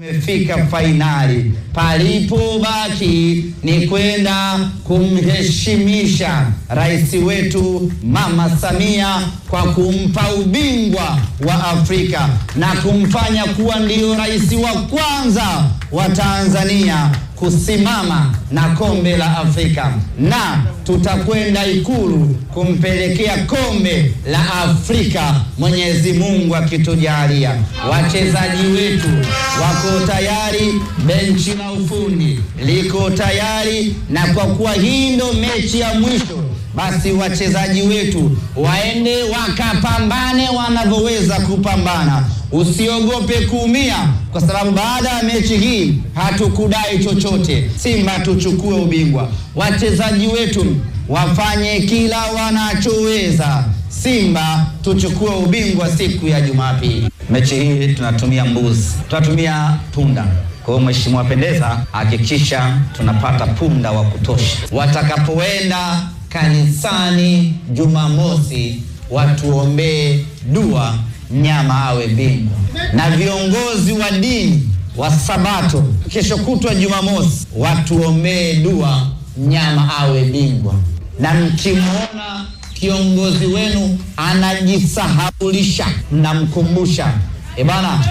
Tumefika fainali, palipobaki ni kwenda kumheshimisha rais wetu Mama Samia kwa kumpa ubingwa wa Afrika na kumfanya kuwa ndiyo rais wa kwanza wa Tanzania kusimama na kombe la Afrika na tutakwenda Ikulu kumpelekea kombe la Afrika, Mwenyezi Mungu akitujalia. wachezaji wetu wako tayari, benchi la ufundi liko tayari, na kwa kuwa hii ndo mechi ya mwisho basi wachezaji wetu waende wakapambane wanavyoweza kupambana. Usiogope kuumia, kwa sababu baada ya mechi hii hatukudai chochote. Simba tuchukue ubingwa. Wachezaji wetu wafanye kila wanachoweza. Simba tuchukue ubingwa siku ya Jumapili. Mechi hii tunatumia mbuzi, tunatumia punda. Kwa hiyo Mheshimiwa Pendeza, hakikisha tunapata punda wa kutosha watakapoenda kanisani Jumamosi watuombee dua nyama awe bingwa, na viongozi wa dini wa Sabato kesho kutwa Jumamosi watuombee dua nyama awe bingwa, na mkimwona kiongozi wenu anajisahaulisha, mnamkumbusha e bana,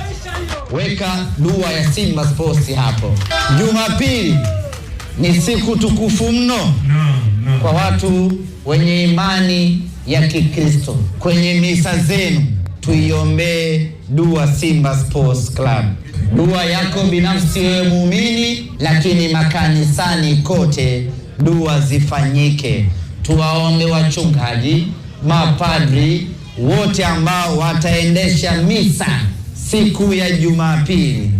weka dua ya Simba Sports hapo. Jumapili ni siku tukufu mno no kwa watu wenye imani ya Kikristo. Kwenye misa zenu tuiombee dua Simba Sports Club, dua yako binafsi wewe muumini, lakini makanisani kote dua zifanyike. Tuwaombe wachungaji, mapadri wote ambao wataendesha misa siku ya Jumapili,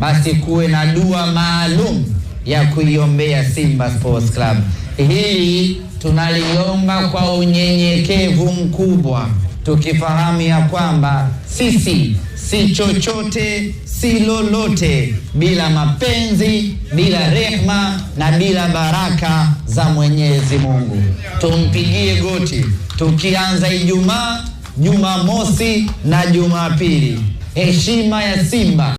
basi kuwe na dua maalum ya kuiombea Simba Sports Club. Hili tunaliomba kwa unyenyekevu mkubwa, tukifahamu ya kwamba sisi si chochote si lolote bila mapenzi, bila rehma na bila baraka za Mwenyezi Mungu. Tumpigie goti tukianza Ijumaa, Jumamosi na Jumapili. Heshima ya Simba